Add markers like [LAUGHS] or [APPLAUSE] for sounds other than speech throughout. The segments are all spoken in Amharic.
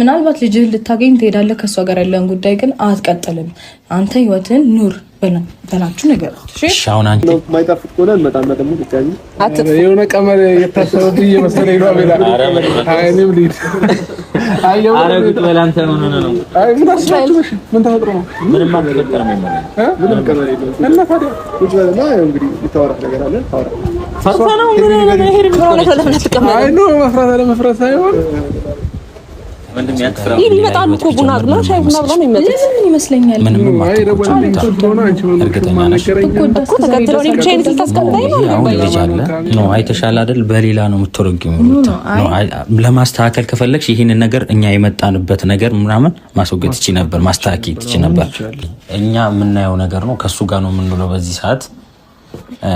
ምናልባት ልጅ ልታገኝ ትሄዳለህ። ከእሷ ጋር ያለን ጉዳይ ግን አትቀጥልም። አንተ ህይወትን ኑር በላችሁ ነገር ማይጣፍጥ ከሆነ እንመጣለን። የሆነ ቀመር የታሰረብኝ የመሰለ ነው ይመጣሉ እኮ ቡና ብላ ሻይ ቡና ብላ ነው ለምን ይመስለኛል አይተሻል አይደል? በሌላ ነው የምትረጊው። ለማስተካከል ከፈለግሽ ይህንን ነገር እኛ የመጣንበት ነገር ምናምን ማስወገድ ትች ነበር፣ ማስተካከል ትች ነበር። እኛ የምናየው ነገር ነው፣ ከእሱ ጋር ነው የምንውለው። በዚህ ሰዓት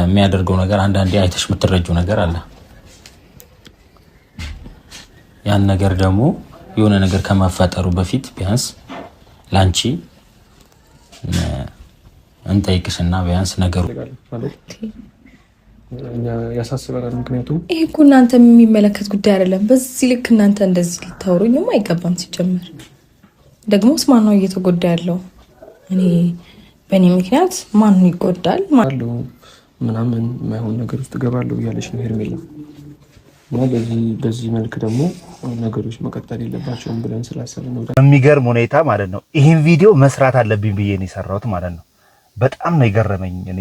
የሚያደርገው ነገር አንዳንዴ አይተሽ የምትረጁ ነገር አለ። ያን ነገር ደግሞ የሆነ ነገር ከማፋጠሩ በፊት ቢያንስ ላንቺ እንጠይቅሽና ቢያንስ ነገሩ ያሳስበናል። ምክንያቱም ይህ እኮ እናንተ የሚመለከት ጉዳይ አይደለም። በዚህ ልክ እናንተ እንደዚህ ልታወሩኝም አይገባም። ሲጀመር ደግሞ ማን ነው እየተጎዳ ያለው? እኔ በእኔ ምክንያት ማን ይጎዳል? ምናምን የማይሆን ነገር ውስጥ እገባለሁ እያለች ነው ሄርሜላ እና በዚህ መልክ ደግሞ ነገሮች መቀጠል የለባቸውም ብለን ስላሰብን ነው። በሚገርም ሁኔታ ማለት ነው ይህን ቪዲዮ መስራት አለብኝ ብዬ የሰራውት የሰራሁት ማለት ነው። በጣም ነው የገረመኝ። እኔ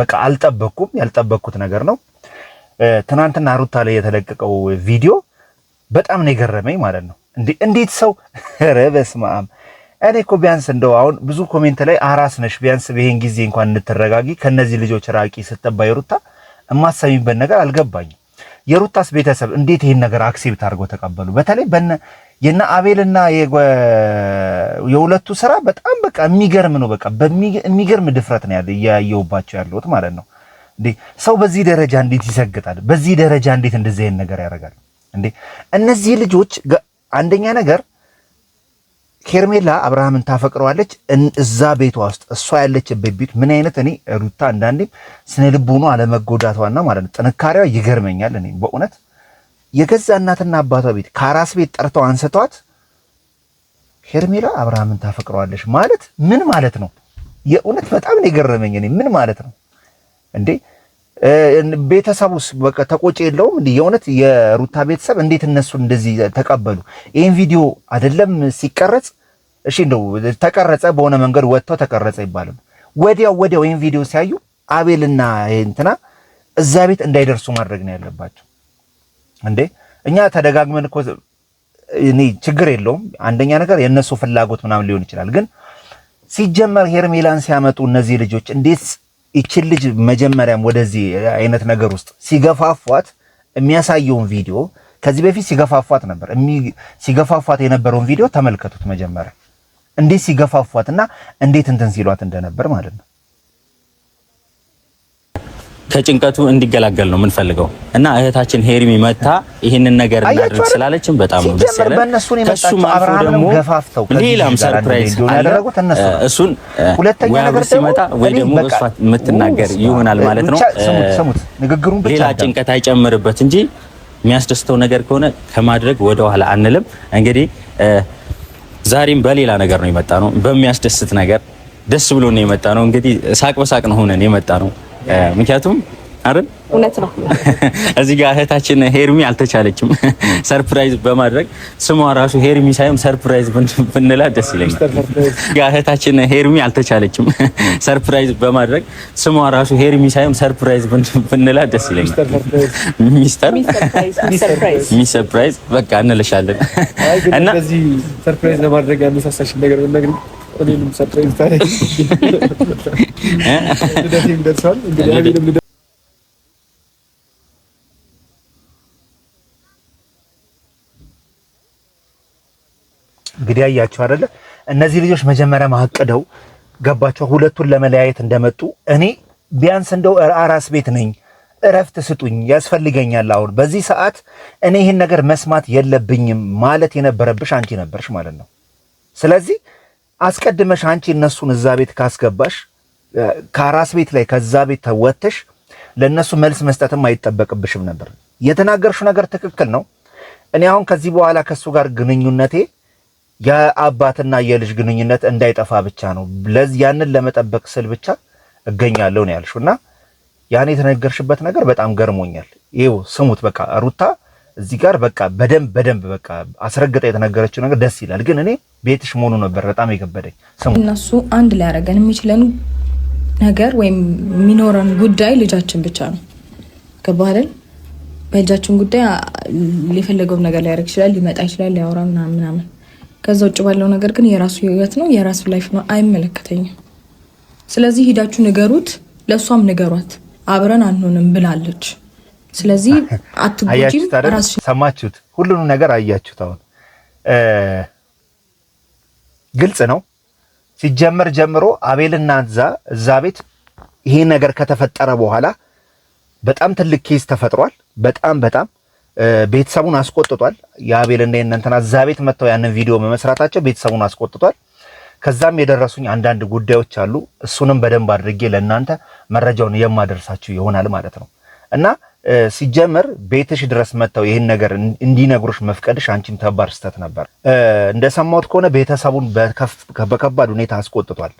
በቃ አልጠበቅኩም፣ ያልጠበቅኩት ነገር ነው። ትናንትና ሩታ ላይ የተለቀቀው ቪዲዮ በጣም ነው የገረመኝ ማለት ነው። እንዴት ሰው [LAUGHS] ኧረ በስመ አብ እኔ እኮ ቢያንስ እንደው አሁን ብዙ ኮሜንት ላይ አራስ ነሽ፣ ቢያንስ ይሄን ጊዜ እንኳን እንትረጋጊ፣ ከነዚህ ልጆች ራቂ ስትባይ ሩታ እማሰሚበት ነገር አልገባኝም። የሩታስ ቤተሰብ እንዴት ይሄን ነገር አክሴፕት አድርገው ተቀበሉ? በተለይ በነ የነ አቤልና የሁለቱ ስራ በጣም በቃ የሚገርም ነው። በቃ በሚገርም ድፍረት ነው ያለ እያየሁባቸው ያለሁት ማለት ነው። እንዴ ሰው በዚህ ደረጃ እንዴት ይሰግጣል? በዚህ ደረጃ እንዴት እንደዚህ አይነት ነገር ያደርጋል? እንዴ እነዚህ ልጆች አንደኛ ነገር ሄርሜላ አብርሃምን ታፈቅረዋለች። እዛ ቤቷ ውስጥ እሷ ያለችበት ቤት ምን አይነት እኔ ሩታ አንዳንዴም ስነ ልቦኗ አለመጎዳቷና ማለት ነው ጥንካሬዋ ይገርመኛል። እኔ በእውነት የገዛ እናትና አባቷ ቤት ከአራስ ቤት ጠርተው አንስተዋት ሄርሜላ አብርሃምን ታፈቅረዋለች ማለት ምን ማለት ነው? የእውነት በጣም ነው የገረመኝ። እኔ ምን ማለት ነው እንዴ ቤተሰቡስ በቃ ተቆጭ የለውም? እንዴ? የእውነት የሩታ ቤተሰብ እንዴት እነሱ እንደዚህ ተቀበሉ? ይህን ቪዲዮ አይደለም ሲቀረጽ፣ እሺ እንደው ተቀረጸ በሆነ መንገድ ወጥተው ተቀረጸ ይባላል። ወዲያው ወዲያው ይህን ቪዲዮ ሲያዩ አቤልና እንትና እዛ ቤት እንዳይደርሱ ማድረግ ነው ያለባቸው። እንዴ እኛ ተደጋግመን እኮ እኔ ችግር የለውም አንደኛ ነገር የእነሱ ፍላጎት ምናምን ሊሆን ይችላል። ግን ሲጀመር ሄርሜላን ሲያመጡ እነዚህ ልጆች እንዴት ይችን ልጅ መጀመሪያም ወደዚህ አይነት ነገር ውስጥ ሲገፋፏት የሚያሳየውን ቪዲዮ ከዚህ በፊት ሲገፋፏት ነበር። ሲገፋፏት የነበረውን ቪዲዮ ተመልከቱት መጀመሪያ እንዴት ሲገፋፏት እና እንዴት እንትን ሲሏት እንደነበር ማለት ነው። ከጭንቀቱ እንዲገላገል ነው የምንፈልገው እና እህታችን ሄሪም መታ ይህንን ነገር እናድርግ ስላለችን በጣም ነው ደስ ያለ። ከሱ ማፍሮ ደግሞ ሌላም ሰርፕራይዝ እነሱ እሱን ሁለተኛ ነገር ሲመጣ ወይ ደግሞ እሷ የምትናገር ይሆናል ማለት ነው። ሌላ ጭንቀት አይጨምርበት እንጂ የሚያስደስተው ነገር ከሆነ ከማድረግ ወደ ኋላ አንልም። እንግዲህ ዛሬም በሌላ ነገር ነው የመጣ ነው፣ በሚያስደስት ነገር ደስ ብሎ ነው የመጣ ነው። እንግዲህ ሳቅ በሳቅ ነው ሆነን የመጣ ነው። ምክንያቱም አይደል እውነት ነው። [LAUGHS] እዚህ ጋር እህታችን ሄርሚ አልተቻለችም [LAUGHS] ሰርፕራይዝ በማድረግ ስሟ ራሱ ሄርሚ ሳይሆን ሰርፕራይዝ ብንላት ደስ ይለኛል። ጋር እህታችን ሄርሚ አልተቻለችም [LAUGHS] ሰርፕራይዝ በማድረግ ስሟ ራሱ ሄርሚ ሳይሆን ሰርፕራይዝ ብንላት ደስ ይለኛል። ሚስተር ሚስ ሰርፕራይዝ በቃ እንልሻለን እና ሰርፕራይዝ ለማድረግ ያነሳሳሽን ነገር እኔንም ሰርፕራይዝ ልደቴም ደርሷል። እንግዲህ አቤልም ልደ እንግዲህ አያችሁ አይደለ? እነዚህ ልጆች መጀመሪያ ማቀደው ገባቸው። ሁለቱን ለመለያየት እንደመጡ እኔ ቢያንስ እንደው አራስ ቤት ነኝ፣ እረፍት ስጡኝ፣ ያስፈልገኛል። አሁን በዚህ ሰዓት እኔ ይህን ነገር መስማት የለብኝም ማለት የነበረብሽ አንቺ ነበርሽ ማለት ነው። ስለዚህ አስቀድመሽ አንቺ እነሱን እዛ ቤት ካስገባሽ ከአራስ ቤት ላይ ከዛ ቤት ተወተሽ ለእነሱ መልስ መስጠትም አይጠበቅብሽም ነበር። የተናገርሽው ነገር ትክክል ነው። እኔ አሁን ከዚህ በኋላ ከእሱ ጋር ግንኙነቴ የአባትና የልጅ ግንኙነት እንዳይጠፋ ብቻ ነው፣ ያንን ለመጠበቅ ስል ብቻ እገኛለሁ ነው ያልሽው እና ያኔ የተነገርሽበት ነገር በጣም ገርሞኛል። ይኸው ስሙት፣ በቃ ሩታ እዚህ ጋር በቃ በደንብ በደንብ በቃ አስረግጣ የተነገረችው ነገር ደስ ይላል። ግን እኔ ቤትሽ መሆኑ ነበር በጣም የከበደኝ። ስሙ እነሱ አንድ ላይ የሚችለን ነገር ወይም የሚኖረን ጉዳይ ልጃችን ብቻ ነው። ገባህ በልጃችን ጉዳይ የፈለገውን ነገር ሊያደርግ ይችላል፣ ሊመጣ ይችላል፣ ሊያወራ ምናምን ምናምን። ከዛ ውጭ ባለው ነገር ግን የራሱ ህይወት ነው፣ የራሱ ላይፍ ነው፣ አይመለከተኝም። ስለዚህ ሂዳችሁ ንገሩት፣ ለእሷም ንገሯት። አብረን አንሆንም ብላለች። ስለዚህ አትጎጂም። ሰማችሁት፣ ሁሉንም ነገር አያችሁት። አሁን ግልጽ ነው። ሲጀመር ጀምሮ አቤልና እዛ እዛ ቤት ይሄ ነገር ከተፈጠረ በኋላ በጣም ትልቅ ኬዝ ተፈጥሯል። በጣም በጣም ቤተሰቡን አስቆጥቷል። የአቤል እና የእንትና እዛ ቤት መጥተው ያንን ቪዲዮ በመስራታቸው ቤተሰቡን አስቆጥቷል። ከዛም የደረሱኝ አንዳንድ ጉዳዮች አሉ። እሱንም በደንብ አድርጌ ለእናንተ መረጃውን የማደርሳችሁ ይሆናል ማለት ነው እና ሲጀመር ቤትሽ ድረስ መጥተው ይህን ነገር እንዲነግሩሽ መፍቀድሽ አንቺም ተባር ስተት ነበር። እንደሰማሁት ከሆነ ቤተሰቡን በከባድ ሁኔታ አስቆጥቷል።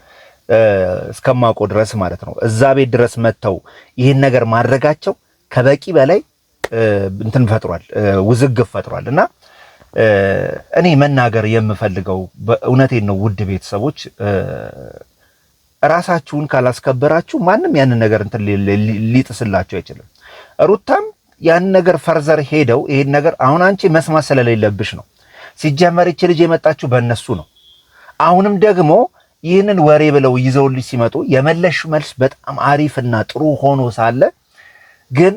እስከማውቀው ድረስ ማለት ነው። እዛ ቤት ድረስ መጥተው ይህን ነገር ማድረጋቸው ከበቂ በላይ እንትን ፈጥሯል፣ ውዝግብ ፈጥሯል። እና እኔ መናገር የምፈልገው እውነቴን ነው፣ ውድ ቤተሰቦች እራሳችሁን ካላስከበራችሁ ማንም ያንን ነገር እንትን ሊጥስላችሁ አይችልም። ሩታም ያን ነገር ፈርዘር ሄደው ይሄን ነገር አሁን አንቺ መስማት ስለሌለብሽ ነው። ሲጀመር ይቺ ልጅ የመጣችው በእነሱ ነው። አሁንም ደግሞ ይህንን ወሬ ብለው ይዘውልሽ ሲመጡ የመለሽ መልስ በጣም አሪፍና ጥሩ ሆኖ ሳለ ግን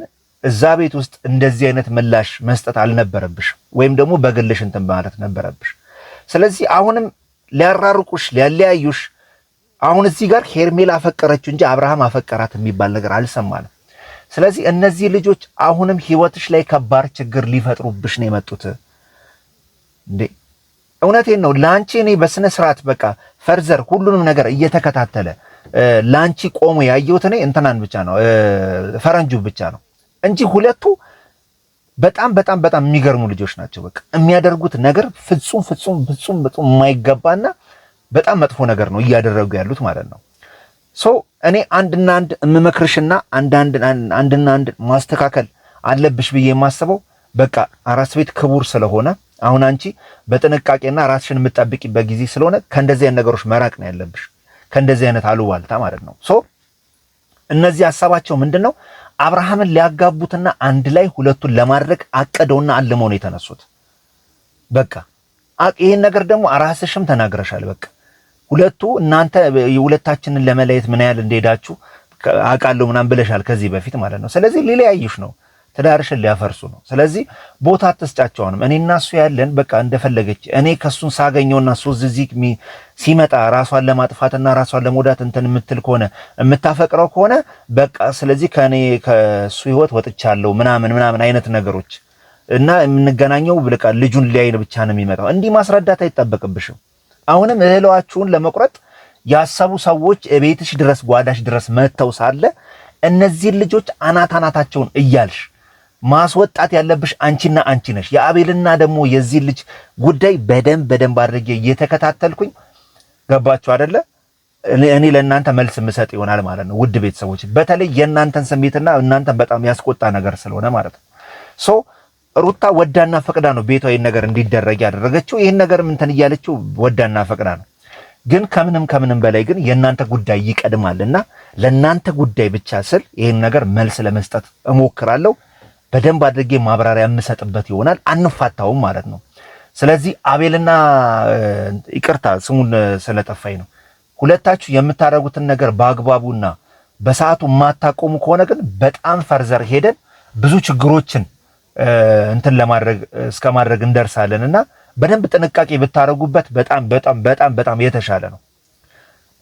እዛ ቤት ውስጥ እንደዚህ አይነት ምላሽ መስጠት አልነበረብሽ፣ ወይም ደግሞ በግልሽ እንትን ማለት ነበረብሽ። ስለዚህ አሁንም ሊያራርቁሽ ሊያለያዩሽ አሁን እዚህ ጋር ሄርሜላ አፈቀረችው እንጂ አብርሃም አፈቀራት የሚባል ነገር አልሰማንም። ስለዚህ እነዚህ ልጆች አሁንም ህይወትሽ ላይ ከባድ ችግር ሊፈጥሩብሽ ነው የመጡት። እንዴ እውነቴን ነው። ላንቺ እኔ በስነ ስርዓት በቃ ፈርዘር ሁሉንም ነገር እየተከታተለ ላንቺ ቆሞ ያየሁት እኔ እንትናን ብቻ ነው ፈረንጁ ብቻ ነው እንጂ ሁለቱ በጣም በጣም በጣም የሚገርሙ ልጆች ናቸው። በቃ የሚያደርጉት ነገር ፍጹም ፍጹም ፍጹም ፍጹም የማይገባና በጣም መጥፎ ነገር ነው እያደረጉ ያሉት ማለት ነው ሶ እኔ አንድና አንድ የምመክርሽና አንድና አንድ ማስተካከል አለብሽ ብዬ የማስበው በቃ አራስ ቤት ክቡር ስለሆነ አሁን አንቺ በጥንቃቄና ራስሽን የምጠብቂበት ጊዜ ስለሆነ ከእንደዚህ አይነት ነገሮች መራቅ ነው ያለብሽ፣ ከእንደዚህ አይነት አሉባልታ ማለት ነው። ሶ እነዚህ ሀሳባቸው ምንድን ነው? አብርሃምን ሊያጋቡትና አንድ ላይ ሁለቱን ለማድረግ አቅደውና አልመው ነው የተነሱት። በቃ ይህን ነገር ደግሞ አራስሽም ተናግረሻል። በቃ ሁለቱ እናንተ ሁለታችንን ለመለየት ምን ያህል እንደሄዳችሁ አውቃለሁ ምናምን ብለሻል ከዚህ በፊት ማለት ነው። ስለዚህ ሊለያይሽ ነው፣ ትዳርሽን ሊያፈርሱ ነው። ስለዚህ ቦታ አትስጫቸው። አሁንም እኔና እሱ ያለን በቃ እንደፈለገች እኔ ከእሱን ሳገኘውና እሱ እዚህ ሲመጣ ራሷን ለማጥፋትና ራሷን ለመውዳት እንትን የምትል ከሆነ የምታፈቅረው ከሆነ በቃ ስለዚህ ከእኔ ከእሱ ህይወት ወጥቻለሁ ምናምን ምናምን አይነት ነገሮች እና የምንገናኘው ልጁን ሊያይን ብቻ ነው የሚመጣው። እንዲህ ማስረዳት አይጠበቅብሽም። አሁንም እህሏችሁን ለመቁረጥ ያሰቡ ሰዎች ቤትሽ ድረስ ጓዳሽ ድረስ መጥተው ሳለ እነዚህን ልጆች አናት አናታቸውን እያልሽ ማስወጣት ያለብሽ አንቺና አንቺ ነሽ። የአቤልና ደግሞ የዚህ ልጅ ጉዳይ በደንብ በደንብ አድርጌ እየተከታተልኩኝ ገባችሁ አደለ? እኔ ለእናንተ መልስ የምሰጥ ይሆናል ማለት ነው። ውድ ቤተሰቦች፣ በተለይ የእናንተን ስሜትና እናንተን በጣም ያስቆጣ ነገር ስለሆነ ማለት ነው ሩታ ወዳና ፈቅዳ ነው ቤቷ ይህን ነገር እንዲደረግ ያደረገችው። ይህን ነገር እንትን እያለችው ወዳና ፈቅዳ ነው። ግን ከምንም ከምንም በላይ ግን የእናንተ ጉዳይ ይቀድማልና ለእናንተ ጉዳይ ብቻ ስል ይህን ነገር መልስ ለመስጠት እሞክራለሁ። በደንብ አድርጌ ማብራሪያ የምሰጥበት ይሆናል። አንፋታውም ማለት ነው። ስለዚህ አቤልና ይቅርታ ስሙን ስለጠፋኝ ነው። ሁለታችሁ የምታደርጉትን ነገር በአግባቡና በሰዓቱ የማታቆሙ ከሆነ ግን በጣም ፈርዘር ሄደን ብዙ ችግሮችን እንትን ለማድረግ እስከ ማድረግ እንደርሳለን እና በደንብ ጥንቃቄ ብታደረጉበት በጣም በጣም በጣም በጣም የተሻለ ነው።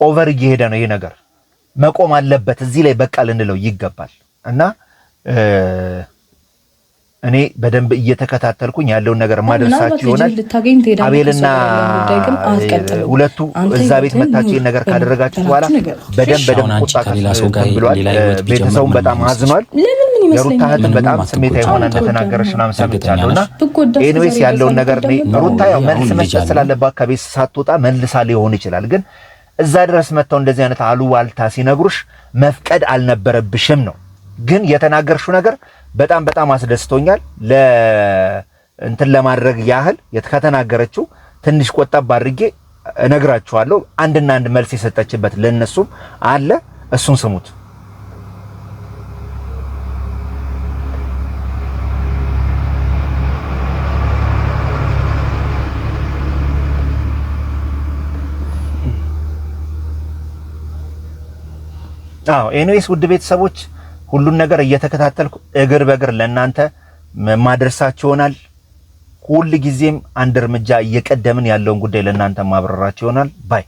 ኦቨር እየሄደ ነው ይሄ ነገር መቆም አለበት። እዚህ ላይ በቃ ልንለው ይገባል እና እኔ በደንብ እየተከታተልኩኝ ያለውን ነገር ማደርሳችሁ ይሆናል። አቤልና ሁለቱ እዛ ቤት መታችሁ ይህን ነገር ካደረጋችሁ በኋላ በደንብ በደንብ ቁጣ ብሏል። ቤተሰቡን በጣም አዝኗል። የሩታ እህትን በጣም ስሜታዊ ሆና እንደተናገረች ምናምን ሰምቻለሁ። እና ኤንዌስ ያለውን ነገር ሩታ ያው መልስ መስጠት ስላለባት ከቤት ሳትወጣ መልሳ ሊሆን ይችላል ግን እዛ ድረስ መጥተው እንደዚህ አይነት አሉባልታ ሲነግሩሽ መፍቀድ አልነበረብሽም ነው። ግን የተናገርሽው ነገር በጣም በጣም አስደስቶኛል። ለእንትን ለማድረግ ያህል ከተናገረችው ትንሽ ቆጠብ አድርጌ እነግራችኋለሁ። አንድና አንድ መልስ የሰጠችበት ለእነሱም አለ። እሱን ስሙት። አዎ ኤኒዌይስ ውድ ቤተሰቦች ሁሉን ነገር እየተከታተልኩ እግር በእግር ለእናንተ ማድረሳችሁ ይሆናል። ሁል ጊዜም አንድ እርምጃ እየቀደምን ያለውን ጉዳይ ለእናንተ ማብራራችሁ ይሆናል ባይ